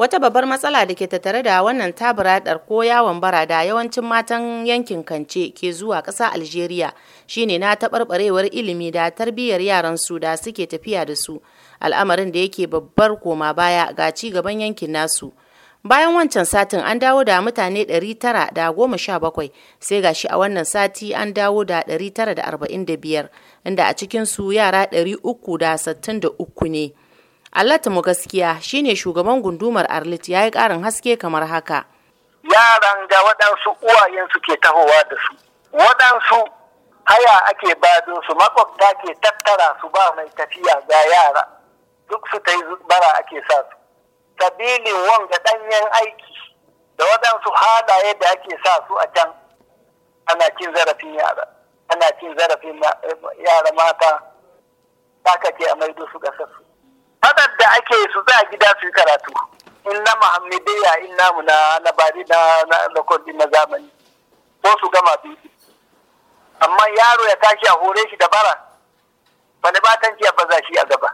Wata babbar matsala da ke tattare da wannan tabaradar ko yawon bara da yawancin matan yankin Kance ke zuwa ƙasa Algeria shine na taɓarɓarewar ilimi da tarbiyyar yaran su da suke tafiya da su, al'amarin da yake babbar koma baya ga ci gaban yankin nasu. Bayan wancan satin an dawo da mutane 917 sai gashi a wannan sati an dawo da 945 inda a cikinsu yara 363 ne. Allata mu gaskiya shine shugaban gundumar Arlit ya yi ƙarin haske kamar haka. Yaran da waɗansu uwayen ke tahowa da su, waɗansu haya ake bazin su makwabta ke tattara su ba mai tafiya ga yara duk su ta yi bara ake sa su. Sabilin wanga ɗanyen aiki da waɗansu halaye da ake sa su a can ana cin zarafin yara, ana cin zarafin eh, yara mata, ta kake a maido su ga su. waɗanda ake su za a gida su yi karatu na muhammadiyya inna in na na bari na na na zamani ko su gama biyu amma yaro ya tashi a hore shi dabara wani tanki ya baza shi a gaba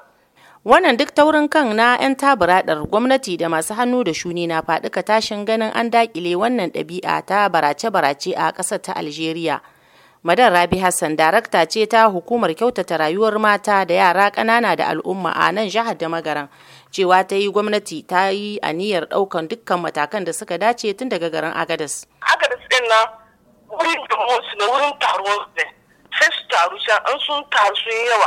wannan duk taurin kan na 'yan tabaradar gwamnati da masu hannu da shuni na faɗuka tashin ganin an dakile wannan ɗabi'a ta barace-barace a ƙasar ta algeria Madan Rabi Hassan darakta ce ta hukumar kyautata rayuwar mata da yara ƙanana da al'umma a nan jihar da magaran. Cewa ta yi gwamnati ta yi aniyar ɗaukan dukkan matakan da suka dace tun daga garin Agadas. Agadas ɗin na wurin su na wurin taruwar da Sai su taru shi an sun taru sun yawa.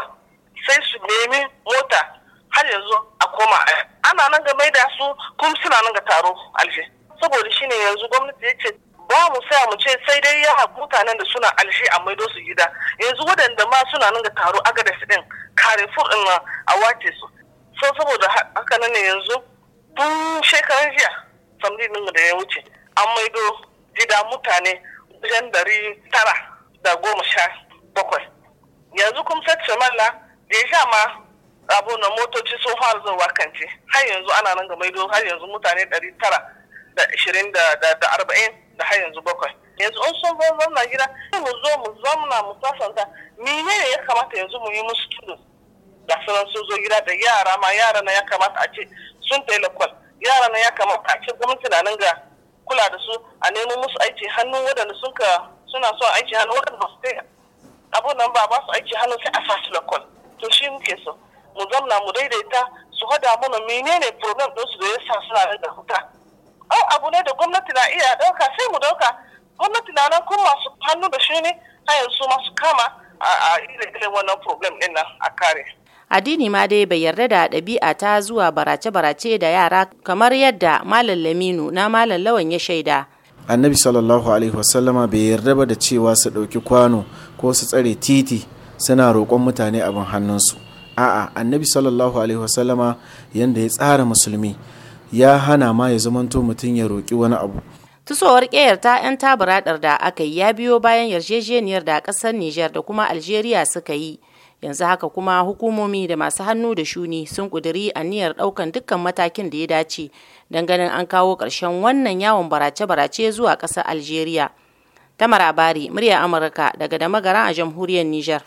Sai su nemi mota har yanzu a koma ana nan ga maida su kuma suna nan ga taro alfi Saboda shine yanzu gwamnati ya ce ba mu saya mu ce sai dai ya mutanen da suna alshi a maido su gida yanzu waɗanda ma suna nan ga taro agadas din kare din na a wace su so saboda haka nan ne yanzu tun shekaran jiya samdi din da ya wuce an maido gida mutane wajen dari tara da goma sha bakwai yanzu kuma sace malla da ya sha ma abu na motoci sun fara zuwa kance har yanzu ana nan ga maido har yanzu mutane dari tara da ashirin da arba'in da har yanzu bakwai yanzu an son zan zauna gida mu zo mu zamna mu sasanta mene ne ya kamata yanzu mu yi musu tudu da sunan sun zo gida da yara ma yara na ya kamata a ce sun yi lakwal yara na ya kamata a ce gwamnati na nan ga kula da su a nemo musu aiki hannu waɗanda sun ka suna son aiki hannu waɗanda ba su kai abun nan ba ba su aiki hannu sai a fasu lakwal to shi muke so mu zamna mu daidaita su hada mana menene problem ɗinsu da ya sa suna da huta Au abu ne da gwamnati na iya ɗauka sai mu ɗauka gwamnati na nan kuma masu hannu da shi ne a yanzu masu kama a irin wannan problem ɗin nan a kare. Addini ma dai bai yarda da ɗabi'a ta zuwa barace-barace da yara kamar yadda Malam Laminu na Malam Lawan ya shaida. Annabi sallallahu alaihi wasallama bai yarda ba da cewa su ɗauki kwano ko su tsare titi suna roƙon mutane abin hannunsu. A'a, Annabi sallallahu alaihi wasallama yanda ya tsara musulmi ya hana ma ya zamanto mutum ya roƙi wani abu tusowar ƙeyar ta 'yan taburadar da aka yi ya biyo bayan yarjejeniyar da ƙasar Nijar da kuma Algeria suka yi. Yanzu haka kuma hukumomi da masu hannu da shuni sun ƙudiri aniyar ɗaukan dukkan matakin da ya dace don ganin an kawo ƙarshen wannan yawon barace-barace zuwa ƙasar Algeria. ta marabari murya Amurka daga da magara a jamhuriyar Nijar.